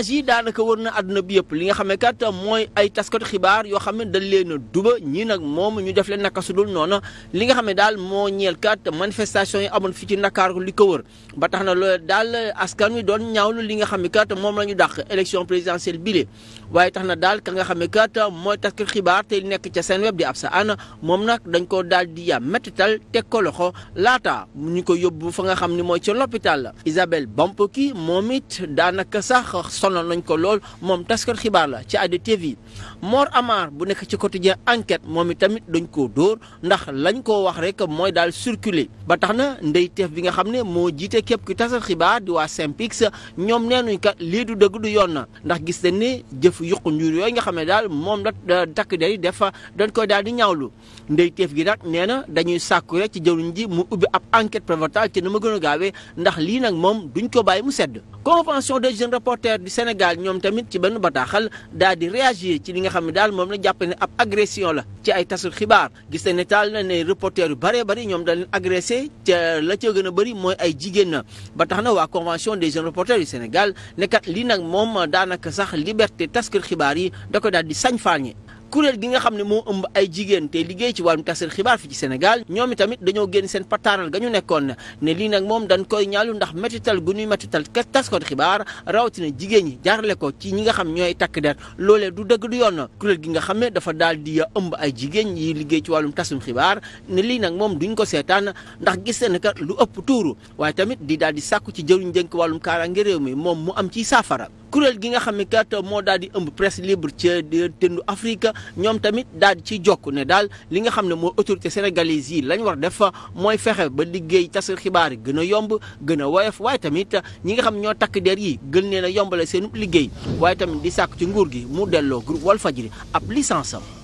page yi daanaka wër na àdduna bi yëpp li nga xam ne kat mooy ay taskatu xibaar yoo xam ne dañ leen a duba ñii nag moom ñu def leen naka su li ko wër ba tax na loolu daal askan wi doon ñaawlu li nga xam ne kat moom la ñu dàq élection présidentielle bile waaye tax na daal ka nga xam ne kat mooy taskatu xibaar te nekk ca seen web di ab sa ana moom nag dañ ko daal di ya méttital teg ko loxo laata ñu ko yóbbu fa nga xam ni mooy ca l'hôpital la Isabelle Bampoki moom it daanaka sax sonal nañ ko lool moom taskat xibaar la ci Addi TV Mor Amar bu nekk ci quotidien enquête moom itamit dañ koo dóor ndax lañ koo wax rek mooy daal circuler ba tax na ndey teef bi nga xam ne moo jiite kepp ku taskat xibaar di waa Synpics ñoom neenuñ kat lii du dëgg du yoon na ndax gis nañ ne jëf yuqu njuur yooyu nga xam ne daal moom da takk day defa dañ koy daal di ñaawlu ndey teef gi nag nee na dañuy sàkku rek ci jëwriñ ji mu ubbi ab enquête préventive ci nu ma gën a gaawee ndax lii nag moom duñ ko bàyyi mu sedd Sénégal ñoom tamit ci benn bataaxal daal di réagier ci li nga xam ne daal moom la jàpp ne ab agression la ci ay tasul xibaar gis nañ ne taal na ne reporter yu bëree bëri ñoom daal leen agressé ca la ca gën a bëri mooy ay jigéen na ba tax na waa convention des jeunes reporters yu Sénégal ne kat lii nag moom daanaka sax liberté taskul xibaar yi da ko daal di sañ faañe kuréel gi nga xam ne moo ëmb ay jigéen te liggéey ci wàllum tasar xibaar fii ci Sénégal ñoom itamit dañoo génn seen pataaral ga nekkoon ne lii nag moom dañ koy ñaalu ndax métital gu ñuy métital taskatu xibaar rawatina jigéen ñi jaarale ko ci ñi nga xam ñooy takk der loolee du dëgg du yoon kuréel gi xam ne dafa daal di ëmb ay jigéen yi liggéey ci wàllum tasum xibaar ne lii nag moom duñ ko seetaan ndax gis na lu ëpp tuuru waaye tamit di daal sàkku ci jëruñ dénk wàllum kaaraange réew mi moom mu am ci saafara kuréel gi nga xam ne kat moo daal di ëmb presse libre ci tëndu Afrique ñoom tamit daal di ci jokk ne daal li nga xam ne mooy autorité sénégalaise yi lañ war def mooy fexe ba liggéey tasar xibaar yi gën a yomb gën a woyof waaye tamit ñi nga xam ñoo takk der yi gën leen a yombale seen liggéey waaye tamit di sàkk ci nguur gi mu delloo groupe Walfadjri ab licence am